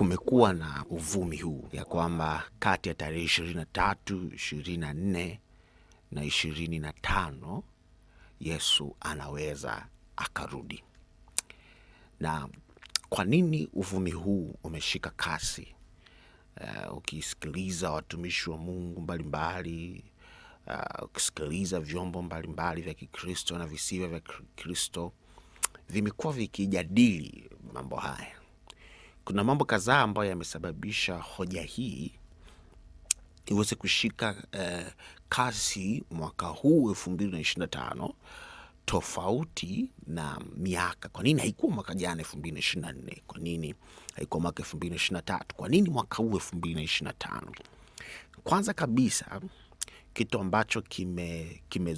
kumekuwa na uvumi huu ya kwamba kati ya tarehe ishirini na tatu ishirini na nne na ishirini na tano Yesu anaweza akarudi. Na kwa nini uvumi huu umeshika kasi? Uh, ukisikiliza watumishi wa Mungu mbalimbali uh, ukisikiliza vyombo mbalimbali vya Kikristo na visivyo vya Kikristo vimekuwa vikijadili mambo haya kuna mambo kadhaa ambayo yamesababisha hoja hii iweze kushika eh, kasi mwaka huu na tano tofauti na miaka. Kwa nini haikuwa mwaka jana nne? Kwa nini haikuwa mwaka tatu? Kwa nini mwaka huu na tano Kwanza kabisa kitu ambacho kimezaa kime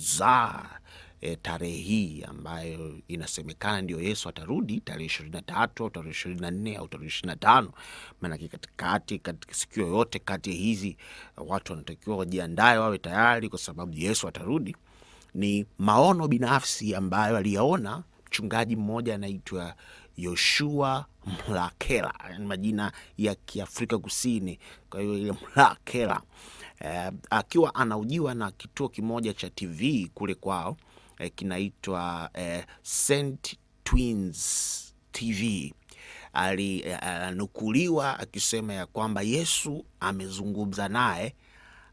e, tarehe hii ambayo inasemekana ndio Yesu atarudi tarehe ishirini na tatu au tarehe ishirini na nne au tarehe ishirini na tano maanake katikati katika siku yoyote kati hizi watu wanatakiwa wajiandae wawe tayari kwa sababu Yesu atarudi. Ni maono binafsi ambayo aliyaona mchungaji mmoja anaitwa Yoshua Mlakela, yaani majina ya Kiafrika Kusini, kwa hiyo ile Mlakela eh, akiwa anaujiwa na kituo kimoja cha TV kule kwao eh, kinaitwa eh, Saint Twins TV alinukuliwa eh, akisema ya kwamba Yesu amezungumza naye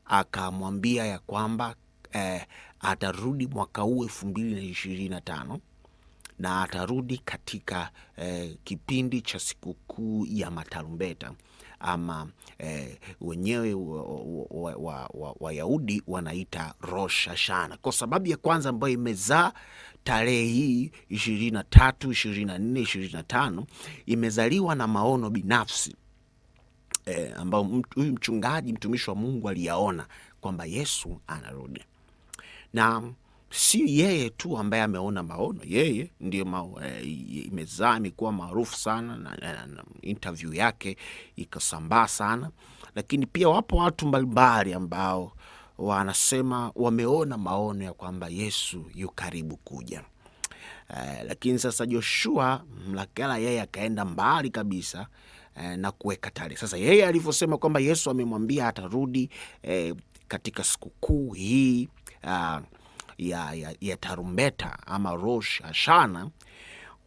akamwambia ya kwamba eh, atarudi mwaka huu elfu mbili na ishirini na tano na atarudi katika eh, kipindi cha sikukuu ya matarumbeta ama eh, wenyewe Wayahudi wa, wa, wa wanaita roshashana kwa sababu ya kwanza ambayo imezaa tarehe hii ishirini na tatu ishirini na nne ishirini na tano imezaliwa na maono binafsi eh, ambayo huyu mchungaji mtumishi wa Mungu aliyaona kwamba Yesu anarudi na si yeye tu ambaye ameona maono, yeye ndio mao, e, eh, imezaa imekuwa maarufu sana na, eh, na, na interview yake ikasambaa sana, lakini pia wapo watu mbalimbali ambao wanasema wameona maono ya kwamba Yesu yu karibu kuja. E, lakini sasa Joshua Mlakela yeye akaenda mbali kabisa e, na kuweka tarehe. Sasa yeye alivyosema kwamba Yesu amemwambia atarudi e, katika sikukuu hii uh, ya, ya, ya tarumbeta ama Rosh Hashana,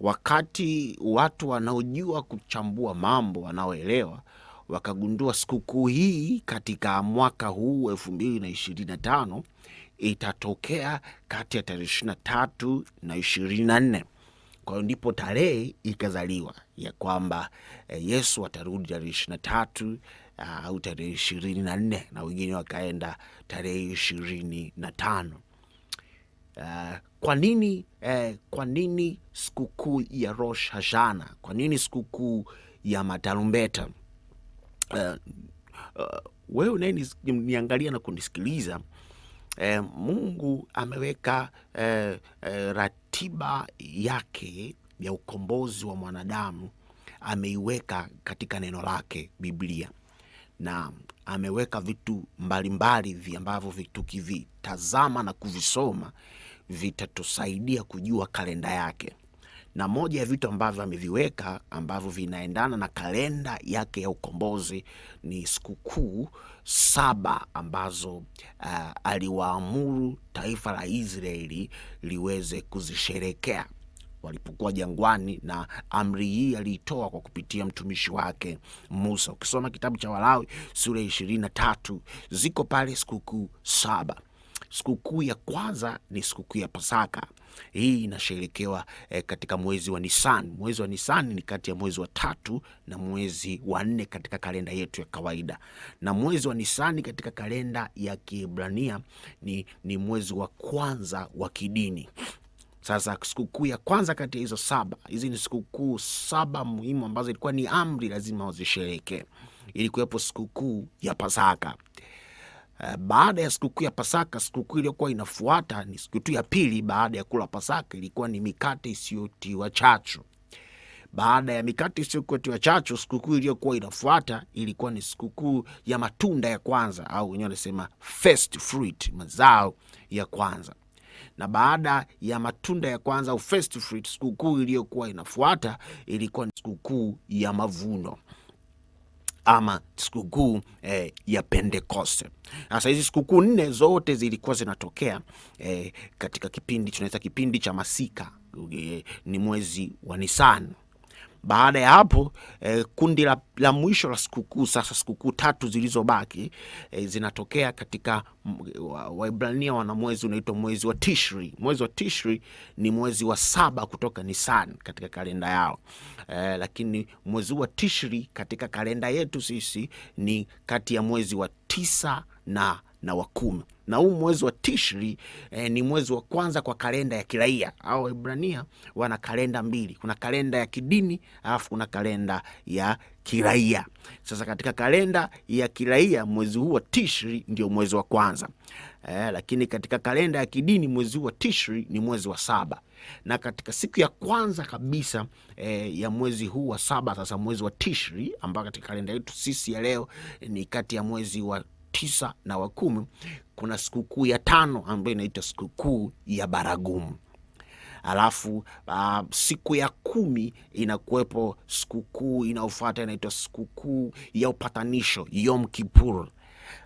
wakati watu wanaojua kuchambua mambo wanaoelewa wakagundua sikukuu hii katika mwaka huu elfu mbili na ishirini na tano itatokea kati ya tarehe ishirini na tatu na ishirini na nne kwa hiyo ndipo tarehe ikazaliwa ya kwamba eh, Yesu atarudi tarehe ishirini na tatu ah, au tarehe ishirini na nne na wengine wakaenda tarehe ishirini na tano. Eh, kwa nini eh, kwa nini sikukuu ya Rosh Hashana? Kwa nini sikukuu ya matarumbeta? Eh, uh, wewe unayeniangalia na kunisikiliza eh, Mungu ameweka eh, eh, ratiba yake ya ukombozi wa mwanadamu ameiweka katika neno lake Biblia, na ameweka vitu mbalimbali ambavyo tukivitazama na kuvisoma vitatusaidia kujua kalenda yake, na moja ya vitu ambavyo ameviweka ambavyo vinaendana na kalenda yake ya ukombozi ni sikukuu saba ambazo uh, aliwaamuru taifa la Israeli liweze kuzisherekea walipokuwa jangwani, na amri hii aliitoa kwa kupitia mtumishi wake Musa. Ukisoma kitabu cha Walawi sura ya ishirini na tatu ziko pale sikukuu saba. Sikukuu ya kwanza ni sikukuu ya Pasaka. Hii inasherekewa e, katika mwezi wa Nisan. Mwezi wa Nisan ni kati ya mwezi wa tatu na mwezi wa nne katika kalenda yetu ya kawaida, na mwezi wa Nisani katika kalenda ya Kiebrania ni, ni mwezi wa kwanza wa kidini. Sasa sikukuu ya kwanza kati ya hizo saba, hizi ni sikukuu saba muhimu ambazo ilikuwa ni amri lazima wazishereke. Ilikuwepo sikukuu ya Pasaka. Eh, baada ya sikukuu ya Pasaka, sikukuu iliyokuwa inafuata ni tu ya pili baada ya kula Pasaka, ilikuwa ni mikate isiyotiwa chachu. Baada ya mikate isiyotiwa chachu, sikukuu iliyokuwa inafuata ilikuwa ni sikukuu ya matunda ya kwanza, au wenyewe wanasema first fruit, mazao ya kwanza na baada ya matunda ya kwanza au first fruit, sikukuu iliyokuwa inafuata ilikuwa ni sikukuu ya mavuno ama sikukuu eh, ya Pentekoste. Sasa hizi sikukuu nne zote zilikuwa zinatokea eh, katika kipindi tunaweza kipindi cha masika, eh, ni mwezi wa Nisani baada ya hapo eh, kundi la, la mwisho la sikukuu sasa, sikukuu tatu zilizobaki eh, zinatokea katika Waibrania mm, wa wana mwezi unaitwa mwezi wa Tishri. Mwezi wa Tishri ni mwezi wa saba kutoka Nisan katika kalenda yao eh, lakini mwezi wa Tishri katika kalenda yetu sisi ni kati ya mwezi wa tisa na na wa kumi. Na huu mwezi wa Tishri eh, ni mwezi wa kwanza kwa kalenda ya kiraia au Waebrania wana kalenda mbili, kuna kalenda ya kidini alafu kuna kalenda ya kiraia. Sasa katika kalenda ya kiraia mwezi huu wa Tishri ndio mwezi wa kwanza eh, lakini katika kalenda ya kidini mwezi huu wa Tishri ni mwezi wa saba na katika siku ya kwanza kabisa e, ya mwezi huu wa saba, sasa mwezi wa Tishri ambao katika kalenda yetu sisi ya leo eh, ni kati ya mwezi wa tisa na wa kumi kuna sikukuu ya tano ambayo inaitwa sikukuu ya baragumu. Alafu uh, siku ya kumi inakuwepo sikukuu inayofuata inaitwa sikukuu ya upatanisho Yom kipur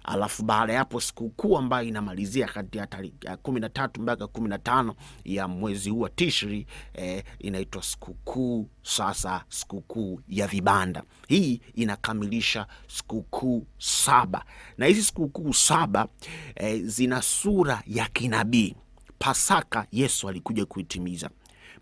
alafu baada ya hapo sikukuu ambayo inamalizia kati ya tarehe kumi na tatu mpaka kumi na tano ya mwezi huu wa Tishri eh, inaitwa sikukuu sasa, sikukuu ya vibanda. Hii inakamilisha sikukuu saba, na hizi sikukuu saba eh, zina sura ya kinabii. Pasaka Yesu alikuja kuitimiza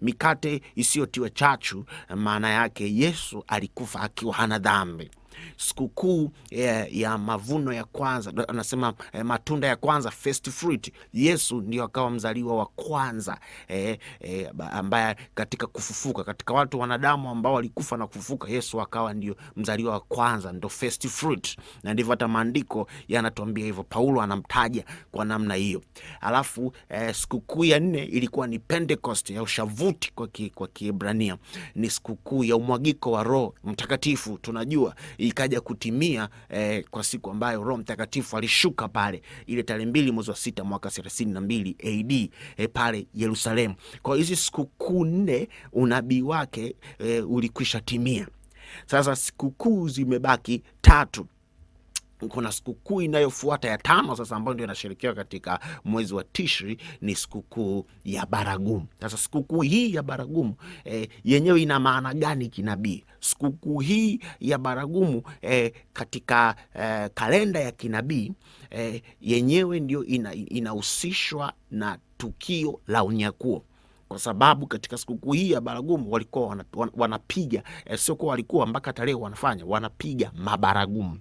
mikate isiyotiwa chachu, maana yake Yesu alikufa akiwa hana dhambi sikukuu ya, eh, ya mavuno ya kwanza, anasema eh, matunda ya kwanza, first fruit. Yesu ndio akawa mzaliwa wa kwanza eh, eh, ambaye katika kufufuka, katika watu wanadamu ambao walikufa na kufufuka, Yesu akawa ndio mzaliwa wa kwanza, ndo first fruit, na ndivyo hata maandiko yanatuambia hivyo. Paulo anamtaja kwa namna hiyo. Alafu eh, sikukuu ya nne ilikuwa ni Pentecost ya ushavuti kwa Kiebrania, kwa ki ni sikukuu ya umwagiko wa Roho Mtakatifu tunajua ikaja kutimia eh, kwa siku ambayo Roho Mtakatifu alishuka pale ile tarehe mbili mwezi wa sita mwaka thelathini na mbili AD eh, pale Yerusalemu. Kwa hizi sikukuu nne unabii wake eh, ulikwisha timia. Sasa sikukuu zimebaki tatu kuna sikukuu inayofuata ya tano sasa, ambayo ndio inashirikiwa katika mwezi wa Tishri, ni sikukuu ya baragumu. Sasa sikukuu hii ya baragumu e, yenyewe ina maana gani kinabii? Sikukuu hii ya baragumu e, katika e, kalenda ya kinabii e, yenyewe ndio inahusishwa ina na tukio la unyakuo kwa sababu katika sikukuu hii ya baragumu walikuwa wana, wanapiga eh, sio kuwa walikuwa mpaka tarehe wanafanya wanapiga mabaragumu.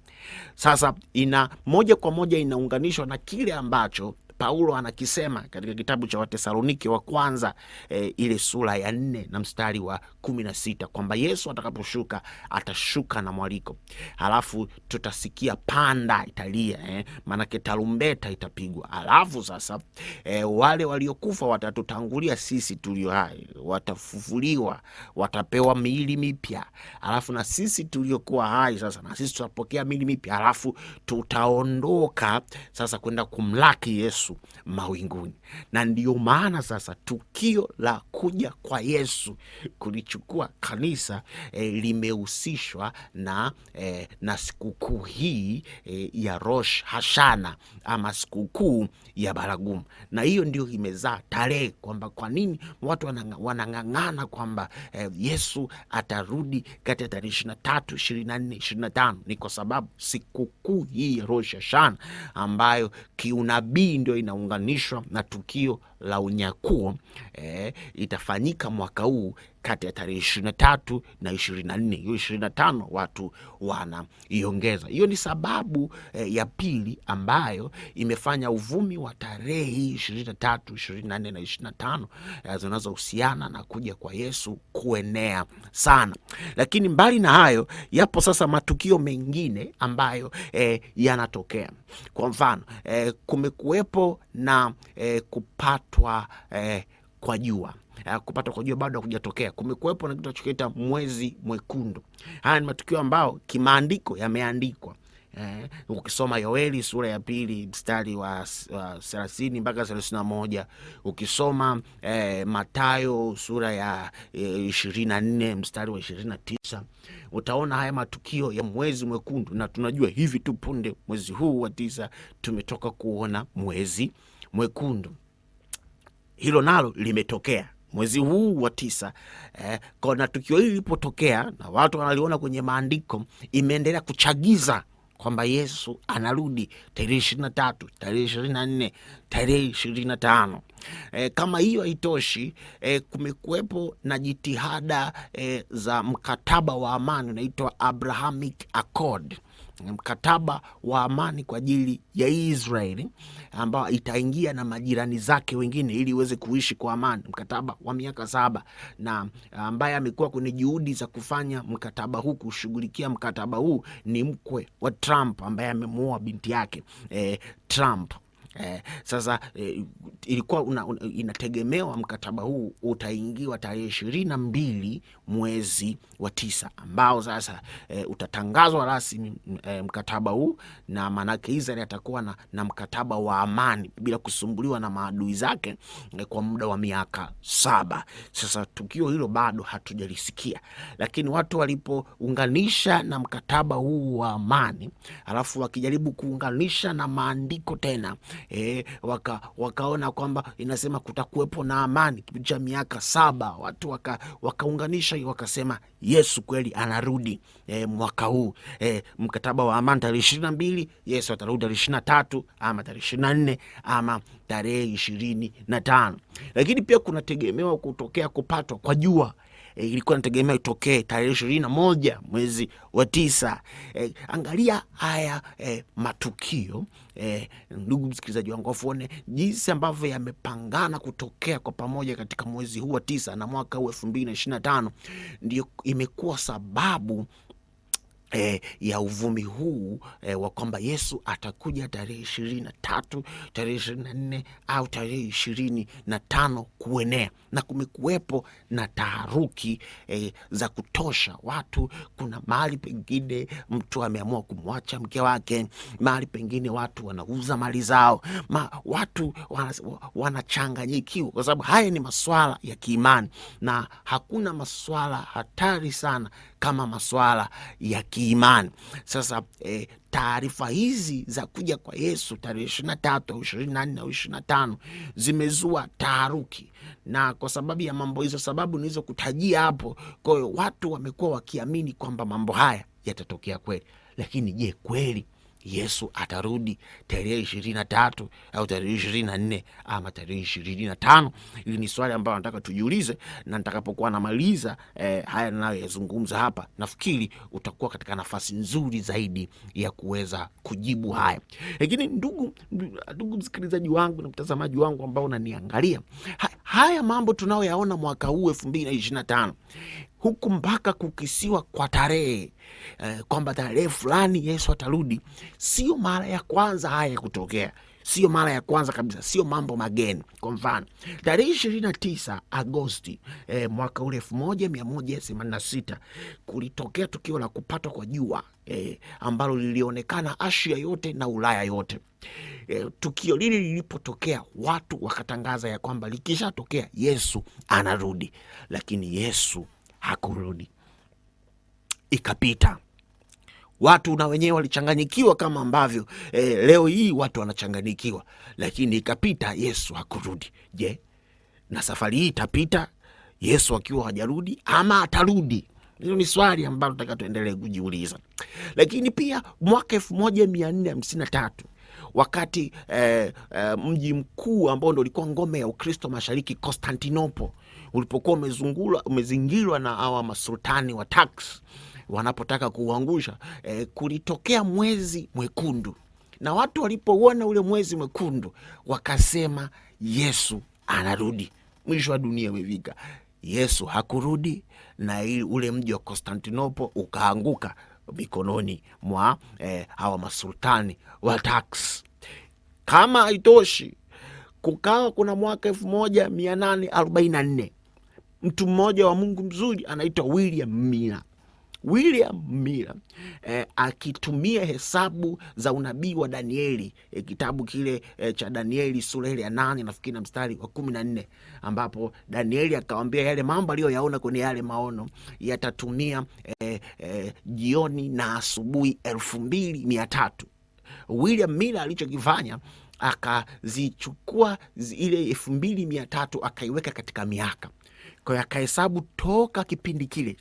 Sasa ina moja kwa moja inaunganishwa na kile ambacho Paulo anakisema katika kitabu cha Watesalonike wa kwanza e, ile sura ya nne na mstari wa kumi na sita kwamba Yesu atakaposhuka atashuka na mwaliko, halafu tutasikia panda italia eh, maanake tarumbeta itapigwa, halafu sasa e, wale waliokufa watatutangulia sisi tulio hai, watafufuliwa, watapewa miili mipya, halafu na sisi tuliokuwa hai sasa na sisi tutapokea miili mipya, halafu tutaondoka sasa kwenda kumlaki Yesu Yesu mawinguni. Na ndiyo maana sasa tukio la kuja kwa Yesu kulichukua kanisa eh, limehusishwa na, eh, na sikukuu hii eh, ya Rosh Hashana ama sikukuu ya baragumu, na hiyo ndio imezaa tarehe kwamba kwa nini watu wanang'ang'ana kwamba eh, Yesu atarudi kati ya tarehe ishirini na tatu ishirini na nne ishirini na tano ni kwa sababu sikukuu hii ya Rosh Hashana ambayo kiunabii ndio inaunganishwa na tukio la unyakuo eh, itafanyika mwaka huu kati ya tarehe ishirini na tatu na ishirini na nne hiyo ishirini na tano watu wanaiongeza. Hiyo ni sababu eh, ya pili ambayo imefanya uvumi wa tarehe ishirini na tatu ishirini na nne na ishirini na tano eh, zinazohusiana na kuja kwa Yesu kuenea sana. Lakini mbali na hayo, yapo sasa matukio mengine ambayo eh, yanatokea. Kwa mfano eh, kumekuwepo na eh, kupata kupatwa eh, kwa jua eh, kupatwa kwa jua bado hakujatokea. Kumekuwepo na kitu tunachokiita mwezi mwekundu. Haya ni matukio ambayo kimaandiko yameandikwa. Eh, ukisoma Yoeli sura ya pili mstari wa thelathini mpaka thelathini na moja ukisoma eh, Matayo sura ya eh, ishirini na nne mstari wa ishirini na tisa utaona haya matukio ya mwezi mwekundu, na tunajua hivi tu punde mwezi huu wa tisa tumetoka kuona mwezi mwekundu hilo nalo limetokea mwezi huu wa tisa eh, kona tukio hili lilipotokea na watu wanaliona kwenye maandiko, imeendelea kuchagiza kwamba Yesu anarudi tarehe ishirini na tatu, tarehe ishirini na nne, tarehe ishirini na tano. E, kama hiyo haitoshi e, kumekuwepo na jitihada e, za mkataba wa amani unaitwa Abrahamic Accord mkataba wa amani kwa ajili ya Israeli ambayo itaingia na majirani zake wengine ili iweze kuishi kwa amani, mkataba wa miaka saba, na ambaye amekuwa kwenye juhudi za kufanya mkataba huu, kushughulikia mkataba huu ni mkwe wa Trump ambaye amemuoa binti yake eh, Trump. Eh, sasa eh, ilikuwa una, una, inategemewa mkataba huu utaingiwa tarehe ishirini na mbili mwezi wa tisa ambao sasa eh, utatangazwa rasmi eh, mkataba huu, na maanake Israel atakuwa na, na mkataba wa amani bila kusumbuliwa na maadui zake eh, kwa muda wa miaka saba. Sasa tukio hilo bado hatujalisikia, lakini watu walipounganisha na mkataba huu wa amani alafu wakijaribu kuunganisha na maandiko tena e, waka, wakaona kwamba inasema kutakuwepo na amani kipindi cha miaka saba. Watu waka, wakaunganisha wakasema Yesu kweli anarudi e, mwaka huu e, mkataba wa amani tarehe ishirini na mbili Yesu atarudi tarehe ishirini na tatu ama tarehe ishirini na nne ama tarehe ishirini na tano lakini pia kunategemewa kutokea kupatwa kwa jua. E, ilikuwa nategemea itokee tarehe ishirini na moja mwezi wa tisa. E, angalia haya e, matukio eh, ndugu msikilizaji wangu, afuone jinsi ambavyo yamepangana kutokea kwa pamoja katika mwezi huu wa tisa na mwaka huu elfu mbili na ishirini na tano ndio imekuwa sababu E, ya uvumi huu e, wa kwamba Yesu atakuja tarehe ishirini na tatu, tarehe ishirini na nne au tarehe ishirini na tano kuenea, na kumekuwepo na taharuki e, za kutosha watu. Kuna mahali pengine mtu ameamua kumwacha mke wake, mahali pengine watu wanauza mali zao, ma, watu wanachanganyikiwa wana, kwa sababu haya ni maswala ya kiimani na hakuna maswala hatari sana kama masuala ya kiimani. Sasa e, taarifa hizi za kuja kwa Yesu tarehe ishirini na tatu au ishirini na nne au ishirini na tano zimezua taharuki, na kwa sababu ya mambo hizo, sababu nilizokutajia hapo, kwa hiyo watu wamekuwa wakiamini kwamba mambo haya yatatokea kweli, lakini je, kweli Yesu atarudi tarehe ishirini na tatu au tarehe ishirini na nne ama tarehe ishirini na tano Hili ni swali ambayo nataka tujiulize, na nitakapokuwa namaliza eh, haya nayoyazungumza hapa, nafikiri utakuwa katika nafasi nzuri zaidi ya kuweza kujibu haya. Lakini ndugu, ndugu msikilizaji wangu na mtazamaji wangu ambao unaniangalia, haya mambo tunayoyaona mwaka huu elfu mbili na ishirini na tano huku mpaka kukisiwa kwa tarehe eh, kwamba tarehe fulani Yesu atarudi. Sio mara ya kwanza haya kutokea, sio mara ya kwanza kabisa, sio mambo mageni. Kwa mfano tarehe ishirini na tisa Agosti eh, mwaka ule elfu moja mia moja themanini na sita kulitokea tukio la kupatwa kwa jua eh, ambalo lilionekana Asia yote na Ulaya yote. E, tukio lili lilipotokea watu wakatangaza ya kwamba likishatokea Yesu anarudi, lakini Yesu hakurudi. Ikapita watu na wenyewe walichanganyikiwa kama ambavyo e, leo hii watu wanachanganyikiwa, lakini ikapita, Yesu hakurudi. Je, na safari hii itapita Yesu akiwa hajarudi ama atarudi? Hilo ni swali ambalo nataka tuendelee kujiuliza. Lakini pia mwaka elfu moja mia nne hamsini na tatu wakati eh, eh, mji mkuu ambao ndo ulikuwa ngome ya Ukristo mashariki Konstantinopo ulipokuwa umezungulwa umezingirwa na hawa masultani wa tax wanapotaka kuuangusha e, kulitokea mwezi mwekundu, na watu walipouona ule mwezi mwekundu wakasema Yesu anarudi, mwisho wa dunia umefika. Yesu hakurudi na ule mji wa Konstantinopo ukaanguka mikononi mwa e, hawa masultani wa tax. Kama haitoshi, kukawa kuna mwaka elfu moja mia nane arobaini na nne mtu mmoja wa Mungu mzuri anaitwa William Miller. William Miller eh, akitumia hesabu za unabii wa Danieli eh, kitabu kile eh, cha Danieli sura ile ya nane nafikiri na mstari wa kumi na nne ambapo Danieli akawambia yale mambo aliyoyaona kwenye yale maono yatatumia eh, eh, jioni na asubuhi elfu mbili mia tatu. William Miller alichokifanya akazichukua ile elfu mbili mia tatu akaiweka katika miaka kwao akahesabu toka kipindi kile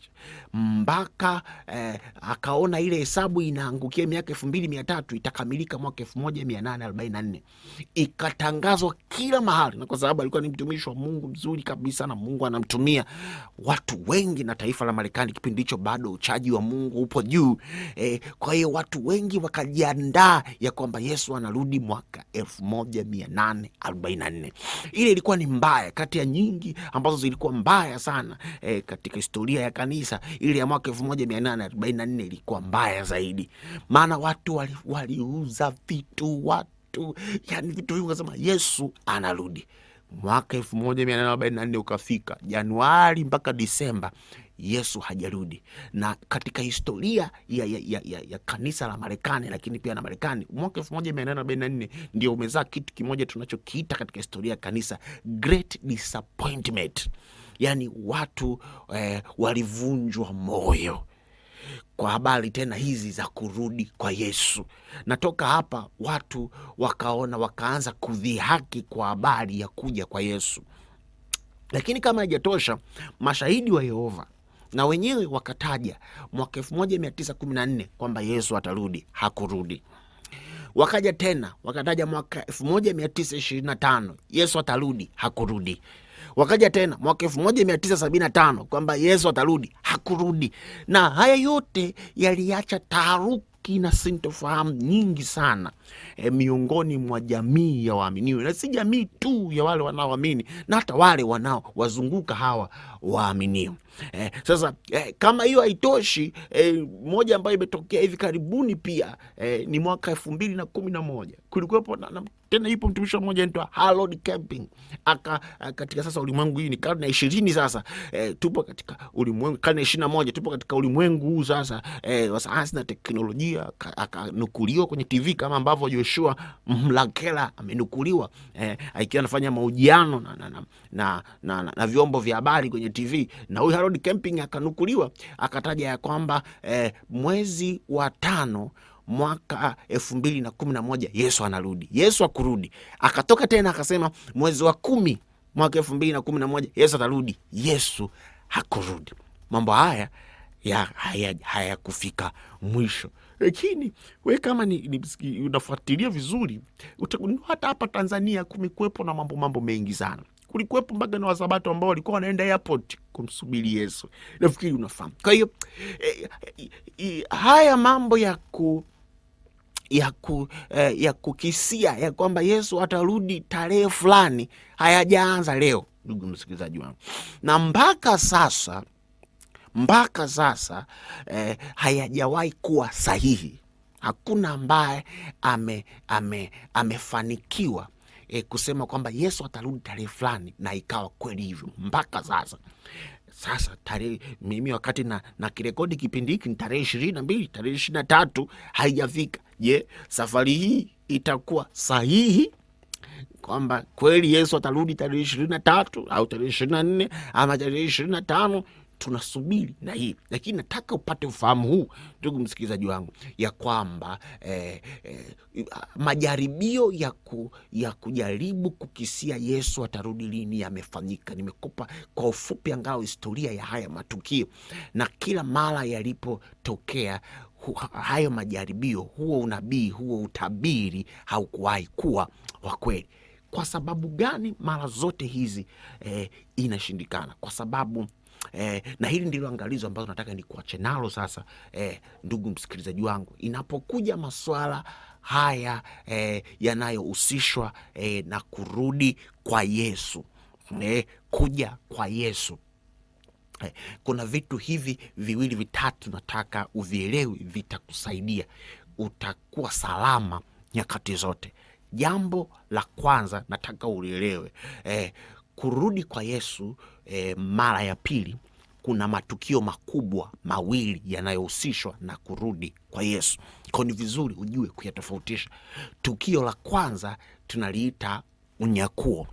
mpaka eh, akaona ile hesabu inaangukia miaka elfu mbili mia tatu itakamilika mwaka elfu moja mia nane arobaini na nne ikatangazwa kila mahali, na kwa sababu alikuwa ni mtumishi wa Mungu mzuri kabisa, na Mungu anamtumia watu wengi, na taifa la Marekani kipindi hicho bado uchaji wa Mungu upo juu eh, kwa hiyo watu wengi wakajiandaa ya kwamba Yesu anarudi mwaka elfu moja mia nane arobaini na nne. Ile ilikuwa ni mbaya kati ya nyingi ambazo zilikuwa mbaya mbaya sana e, katika historia ya kanisa. Ile ya mwaka elfu moja mia nane arobaini na nne ilikuwa mbaya zaidi, maana watu waliuza wali vitu watu, yani vitu hivi, kasema Yesu anarudi. Mwaka elfu moja mia nane arobaini na nne ukafika Januari mpaka Disemba, Yesu hajarudi. Na katika historia ya, ya, ya, ya, ya kanisa la Marekani, lakini pia na Marekani, mwaka elfu moja mia nane arobaini na nne ndio umezaa kitu kimoja tunachokiita katika historia ya kanisa great disappointment yaani watu eh, walivunjwa moyo kwa habari tena hizi za kurudi kwa Yesu. Natoka hapa watu wakaona, wakaanza kudhihaki kwa habari ya kuja kwa Yesu. Lakini kama haijatosha, mashahidi wa Yehova na wenyewe wakataja mwaka nne kwamba Yesu atarudi, hakurudi. Wakaja tena wakataja mwaka tano Yesu atarudi, hakurudi. Wakaja tena mwaka tano kwamba Yesu atarudi, hakurudi, na haya yote yaliacha taharuki kina sintofahamu nyingi sana e, miongoni mwa jamii ya waaminiwe, na si jamii tu ya wale wanaoamini, na hata wale wanaowazunguka hawa waaminio. Eh, sasa eh, kama hiyo haitoshi eh, moja ambayo imetokea hivi karibuni pia eh, ni mwaka elfu mbili na kumi na moja kulikuwepo na, na, tena ipo mtumishi mmoja anaitwa Harold Camping aka, eh, katika sasa ulimwengu hii ni karne ya ishirini sasa eh, tupo katika ulimwengu karne ya ishirini na moja tupo katika ulimwengu huu sasa eh, wa sayansi na teknolojia akanukuliwa kwenye TV kama ambavyo Joshua Mlakela amenukuliwa eh, akiwa anafanya mahojiano na, na, na, na, na, na, na vyombo vya habari kwenye TV na huyu Harold Camping akanukuliwa akataja ya kwamba eh, mwezi wa tano mwaka elfu mbili na kumi na moja Yesu anarudi. Yesu akurudi, akatoka tena akasema mwezi wa kumi mwaka elfu mbili na kumi na moja Yesu atarudi. Yesu hakurudi. Mambo haya hayakufika haya mwisho, lakini we kama ni, ni, unafuatilia vizuri hata hapa Tanzania kumekuwepo na mambo mambo mengi sana kulikuwepo mpaka na Wasabato ambao walikuwa wanaenda airport kumsubiri Yesu. Nafikiri unafahamu. Kwa hiyo eh, eh, haya mambo ya ku ya, ku, eh, ya kukisia ya kwamba Yesu atarudi tarehe fulani hayajaanza leo, ndugu msikilizaji wangu, na mpaka sasa mpaka sasa eh, hayajawahi kuwa sahihi. Hakuna ambaye ame, ame, amefanikiwa e, kusema kwamba Yesu atarudi tarehe fulani, na ikawa kweli hivyo mpaka sasa. Sasa tarehe mimi wakati na, na kirekodi kipindi hiki ni tarehe ishirini na mbili, tarehe ishirini na tatu haijafika. Je, safari hii itakuwa sahihi kwamba kweli Yesu atarudi tarehe ishirini na tatu au tarehe ishirini na nne ama tarehe ishirini na tano? tunasubiri na hii lakini, nataka upate ufahamu huu ndugu msikilizaji wangu, ya kwamba eh, eh, majaribio ya, ku, ya kujaribu kukisia Yesu atarudi lini yamefanyika. Nimekupa kwa ufupi angao historia ya haya matukio, na kila mara yalipotokea hayo majaribio, huo unabii, huo utabiri haukuwahi kuwa wa kweli. Kwa sababu gani? Mara zote hizi eh, inashindikana kwa sababu eh, na hili ndilo angalizo ambazo nataka nikuache nalo sasa eh, ndugu msikilizaji wangu, inapokuja masuala haya eh, yanayohusishwa eh, na kurudi kwa Yesu eh, kuja kwa Yesu eh, kuna vitu hivi viwili vitatu nataka uvielewi, vitakusaidia utakuwa salama nyakati zote. Jambo la kwanza nataka ulielewe eh, kurudi kwa Yesu e, mara ya pili kuna matukio makubwa mawili yanayohusishwa na kurudi kwa Yesu. Kwa ni vizuri ujue kuyatofautisha. Tukio la kwanza tunaliita unyakuo,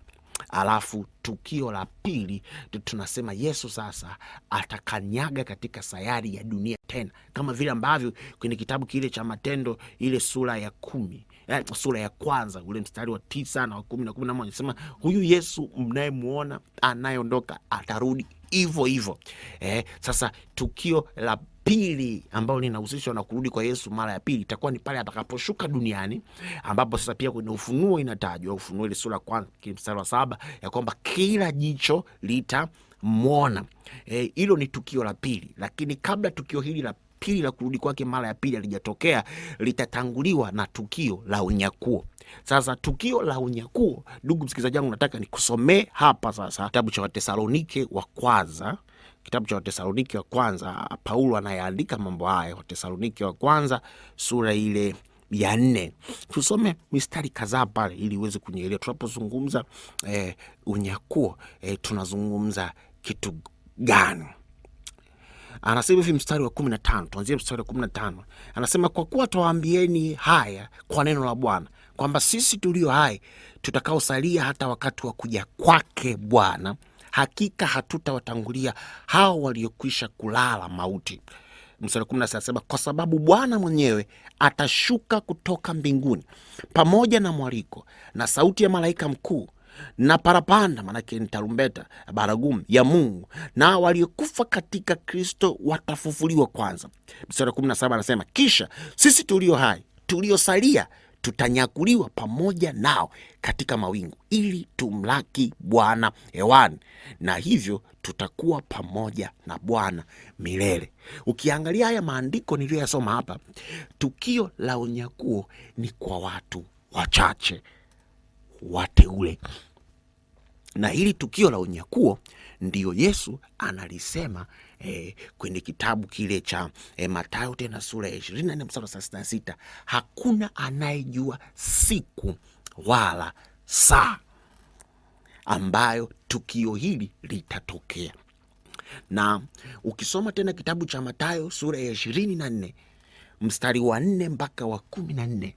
alafu tukio la pili tunasema Yesu sasa atakanyaga katika sayari ya dunia tena, kama vile ambavyo kwenye kitabu kile cha Matendo ile sura ya kumi eh, sura ya kwanza ule mstari wa tisa na wa kumi na kumi na moja sema huyu Yesu mnayemwona anayeondoka atarudi hivyo hivyo. Eh, sasa tukio la pili ambalo linahusishwa na kurudi kwa Yesu mara ya pili itakuwa ni pale atakaposhuka duniani, ambapo sasa pia kwenye Ufunuo inatajwa, Ufunuo ile sura kwanza mstari wa saba ya kwamba kila jicho litamwona. Eh, hilo ni tukio la pili, lakini kabla tukio hili la pili la kurudi kwake mara ya pili alijatokea litatanguliwa na tukio la unyakuo. Sasa tukio la unyakuo, ndugu msikilizaji wangu, nataka nikusomee hapa sasa kitabu cha Watesalonike wa kwanza kitabu cha Watesalonike wa kwanza, Paulo anayeandika mambo haya, Watesalonike wa kwanza sura ile ya nne. Tusome mistari kadhaa pale ili uweze kunyeelewa Tunapozungumza eh, unyakuo eh, tunazungumza kitu gani? Anasema hivi mstari wa kumi na tano, tuanzie mstari wa kumi na tano. Anasema kwa kuwa twawaambieni haya kwa neno la Bwana kwamba sisi tulio hai tutakaosalia hata wakati wa kuja kwake Bwana hakika hatutawatangulia hao waliokwisha kulala mauti. Mstari kumi na sita anasema kwa sababu Bwana mwenyewe atashuka kutoka mbinguni pamoja na mwaliko na sauti ya malaika mkuu na parapanda, manake ni tarumbeta, baragumu ya Mungu, na waliokufa katika Kristo watafufuliwa kwanza. Mstari kumi na saba anasema kisha sisi tulio hai tuliosalia tutanyakuliwa pamoja nao katika mawingu ili tumlaki Bwana hewani, na hivyo tutakuwa pamoja na Bwana milele. Ukiangalia haya maandiko niliyoyasoma hapa, tukio la unyakuo ni kwa watu wachache wateule na hili tukio la unyakuo ndiyo Yesu analisema e, kwenye kitabu kile cha e, Mathayo tena sura ya ishirini na nne mstari wa thelathini na sita hakuna anayejua siku wala saa ambayo tukio hili litatokea. Na ukisoma tena kitabu cha Mathayo sura ya ishirini na nne mstari wa nne mpaka wa kumi na nne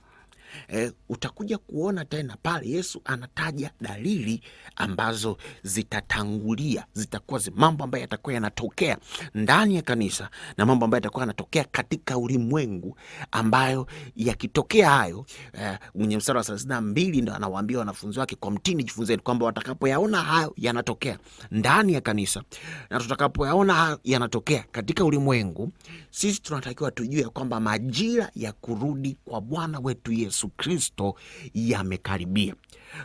eh, utakuja kuona tena pale Yesu anataja dalili ambazo zitatangulia, zitakuwa mambo ambayo yatakuwa yanatokea ndani ya kanisa na mambo ambayo yatakuwa yanatokea katika ulimwengu, ambayo yakitokea hayo eh, mwenye mstari wa thelathini na mbili ndo anawaambia wanafunzi wake, kwa mtini jifunzeni, kwamba watakapoyaona hayo yanatokea ndani ya kanisa na tutakapoyaona hayo yanatokea katika ulimwengu, sisi tunatakiwa tujue kwamba majira ya kurudi kwa Bwana wetu Yesu Yesu Kristo yamekaribia.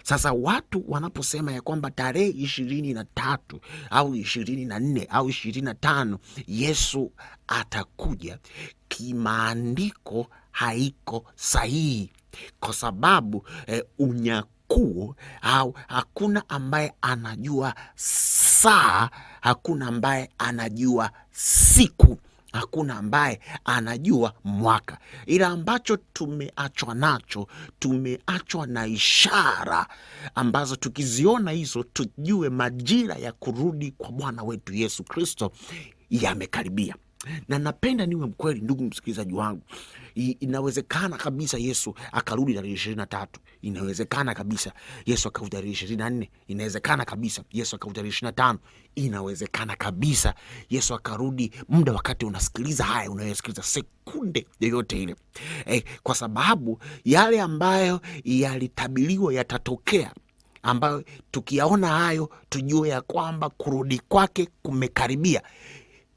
Sasa watu wanaposema ya kwamba tarehe ishirini na tatu au ishirini na nne au ishirini na tano Yesu atakuja, kimaandiko haiko sahihi kwa sababu eh, unyakuo au hakuna ambaye anajua saa, hakuna ambaye anajua siku hakuna ambaye anajua mwaka, ila ambacho tumeachwa nacho, tumeachwa na ishara ambazo tukiziona hizo tujue majira ya kurudi kwa Bwana wetu Yesu Kristo yamekaribia na napenda niwe mkweli, ndugu msikilizaji wangu, inawezekana kabisa Yesu akarudi tarehe ishirini na tatu. Inawezekana kabisa Yesu akarudi tarehe ishirini na nne. Inawezekana kabisa Yesu akarudi tarehe ishirini na tano. Inawezekana kabisa Yesu akarudi muda wakati unasikiliza haya, unayosikiliza sekunde yoyote ile eh, kwa sababu yale ambayo yalitabiliwa yatatokea ambayo tukiyaona hayo tujue ya kwamba kurudi kwake kumekaribia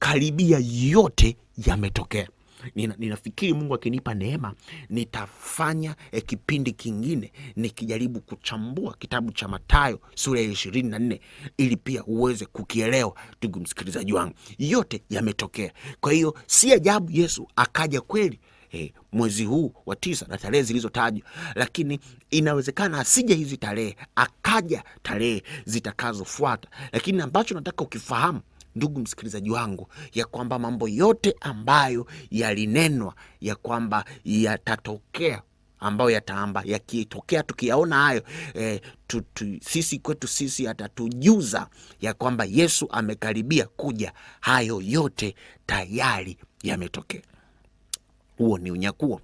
karibia yote yametokea. Nina, ninafikiri Mungu akinipa neema nitafanya e kipindi kingine nikijaribu kuchambua kitabu cha Mathayo sura ya ishirini na nne ili pia uweze kukielewa, ndugu msikilizaji wangu, yote yametokea. Kwa hiyo si ajabu Yesu akaja kweli e, mwezi huu wa tisa na tarehe zilizotajwa, lakini inawezekana asija hizi tarehe, akaja tarehe zitakazofuata. Lakini ambacho nataka ukifahamu ndugu msikilizaji wangu, ya kwamba mambo yote ambayo yalinenwa ya kwamba yatatokea ambayo yataamba yakitokea tukiyaona hayo e, eh, tutu, sisi kwetu sisi atatujuza ya kwamba Yesu amekaribia kuja. Hayo yote tayari yametokea. Huo ni unyakuo.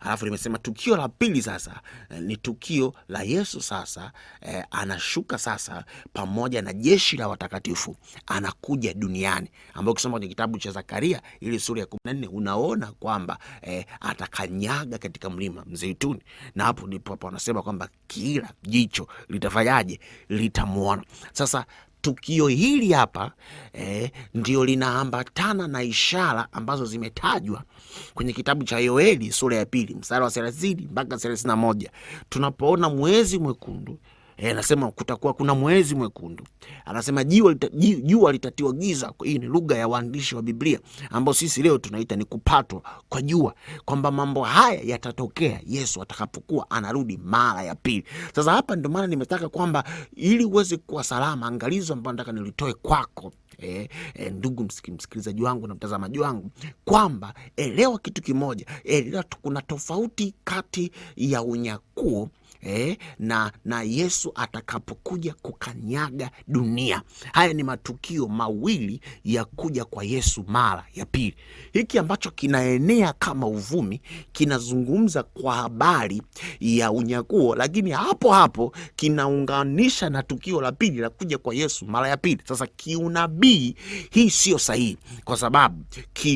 Alafu limesema tukio la pili sasa eh, ni tukio la Yesu sasa eh, anashuka sasa pamoja na jeshi la watakatifu anakuja duniani, ambayo ukisoma kwenye kitabu cha Zakaria ili sura ya kumi na nne unaona kwamba eh, atakanyaga katika mlima Mzeituni, na hapo ndipo wanasema kwamba kila jicho litafanyaje? Litamwona sasa tukio hili hapa eh, ndio linaambatana na ishara ambazo zimetajwa kwenye kitabu cha Yoeli sura ya pili mstari wa thelathini mpaka thelathini na moja tunapoona mwezi mwekundu E, anasema kutakuwa kuna mwezi mwekundu. Anasema jua jua litatiwa giza. Hii ni lugha ya waandishi wa Biblia ambao sisi leo tunaita ni kupatwa kwa jua, kwamba mambo haya yatatokea Yesu atakapokuwa anarudi mara ya pili. Sasa hapa ndio maana nimetaka kwamba ili uweze kuwa salama, angalizo ambao nataka nilitoe kwako E, e, ndugu msikilizaji wangu na mtazamaji wangu kwamba elewa kitu kimoja, elewa kuna tofauti kati ya unyakuo eh, na, na Yesu atakapokuja kukanyaga dunia. Haya ni matukio mawili ya kuja kwa Yesu mara ya pili. Hiki ambacho kinaenea kama uvumi kinazungumza kwa habari ya unyakuo, lakini hapo hapo kinaunganisha na tukio la pili la kuja kwa Yesu mara ya pili. Sasa kiunabii, hii siyo sahihi kwa sababu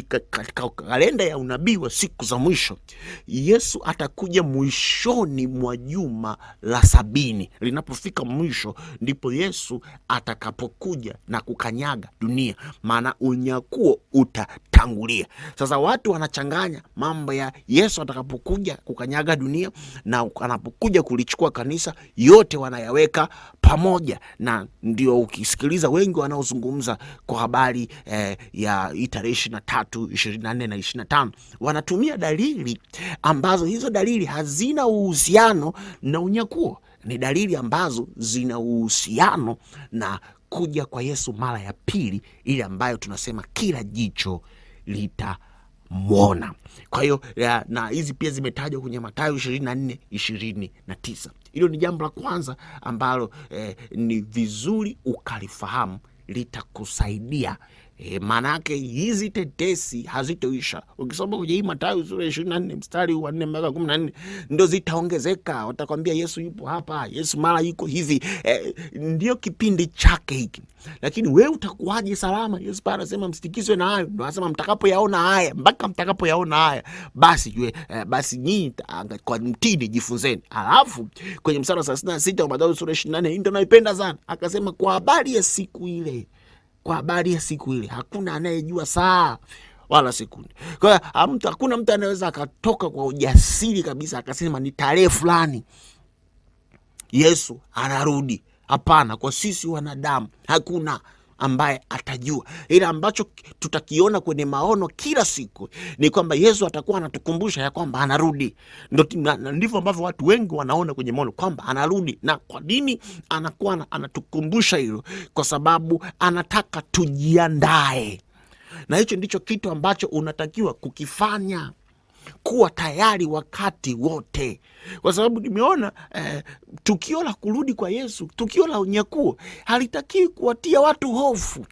katika kalenda ya unabii wa siku za mwisho Yesu atakuja mwishoni mwa juma juma la sabini linapofika mwisho, ndipo Yesu atakapokuja na kukanyaga dunia, maana unyakuo uta kutangulia. Sasa watu wanachanganya mambo ya Yesu atakapokuja kukanyaga dunia na anapokuja kulichukua kanisa, yote wanayaweka pamoja, na ndio ukisikiliza wengi wanaozungumza kwa habari eh, ya tarehe ishirini na tatu, ishirini na nne na ishirini na tano wanatumia dalili ambazo hizo dalili hazina uhusiano na unyakuo ni dalili ambazo zina uhusiano na kuja kwa Yesu mara ya pili, ile ambayo tunasema kila jicho litamwona. Kwa hiyo na hizi pia zimetajwa kwenye Mathayo ishirini na nne ishirini na tisa. Hilo ni jambo la kwanza ambalo eh, ni vizuri ukalifahamu, litakusaidia E, maanake hizi tetesi hazitoisha. Ukisoma kwenye hii Mathayo sura ishirini na nne mstari wa nne mpaka kumi na nne ndo zitaongezeka. Watakwambia Yesu yupo hapa, Yesu mara yuko hivi. E, ndio kipindi chake hiki, lakini we utakuwaje salama? Yesu paa anasema msitikizwe na hayo, ndo anasema mtakapoyaona haya, mpaka mtakapoyaona haya basi jue, e, basi nyinyi kwa mtini jifunzeni. Alafu kwenye mstari wa thelathini na sita wa Mathayo sura ishirini na nne hii ndo naipenda sana, akasema kwa habari ya siku ile kwa habari ya siku ile. Hakuna anayejua saa wala sekunde. Kwa hiyo ah, hakuna mtu anayeweza akatoka kwa ujasiri kabisa akasema ni tarehe fulani Yesu anarudi. Hapana, kwa sisi wanadamu hakuna ambaye atajua. Ile ambacho tutakiona kwenye maono kila siku ni kwamba Yesu atakuwa anatukumbusha ya kwamba anarudi. Ndivyo ambavyo watu wengi wanaona kwenye maono kwamba anarudi. Na kwa nini anakuwa anatukumbusha hilo? Kwa sababu anataka tujiandae, na hicho ndicho kitu ambacho unatakiwa kukifanya kuwa tayari wakati wote, kwa sababu nimeona eh, tukio la kurudi kwa Yesu, tukio la unyakuo halitakiwi kuwatia watu hofu.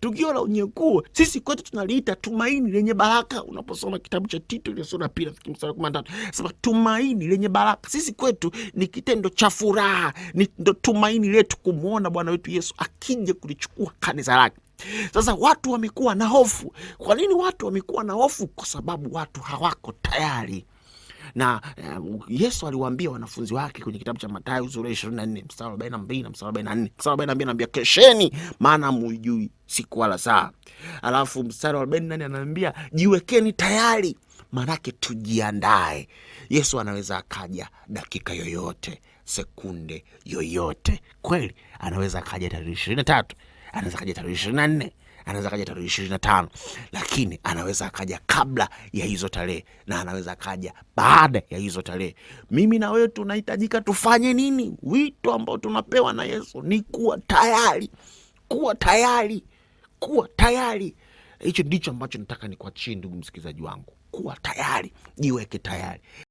Tukio la unyekuo sisi kwetu tunaliita tumaini lenye baraka. Unaposoma kitabu cha Tito ile sura mstari kumi na tatu sema tumaini lenye baraka. Sisi kwetu ni kitendo cha furaha, ni ndo tumaini letu kumwona Bwana wetu Yesu akija kulichukua kanisa lake. Sasa watu wamekuwa na hofu. Kwa nini watu wamekuwa na hofu? Kwa sababu watu hawako tayari na uh, Yesu aliwaambia wanafunzi wake kwenye kitabu cha Mathayo sura ishirini na nne mstari arobaini na mbili na mstari arobaini na nne mstari arobaini na mbili anaambia kesheni, maana mujui siku wala saa. Alafu mstari wa arobaini na nane anaambia jiwekeni tayari, maanake tujiandae. Yesu anaweza akaja dakika yoyote, sekunde yoyote, kweli anaweza akaja tarehe ishirini na tatu anaweza kaja tarehe ishirini na nne anaweza kaja tarehe ishirini na tano lakini anaweza akaja kabla ya hizo tarehe na anaweza akaja baada ya hizo tarehe. Mimi na wewe tunahitajika tufanye nini? Wito ambao tunapewa na Yesu ni kuwa tayari, kuwa tayari, kuwa tayari. Hicho ndicho ambacho nataka nikuachie, ndugu msikilizaji wangu, kuwa tayari, jiweke tayari.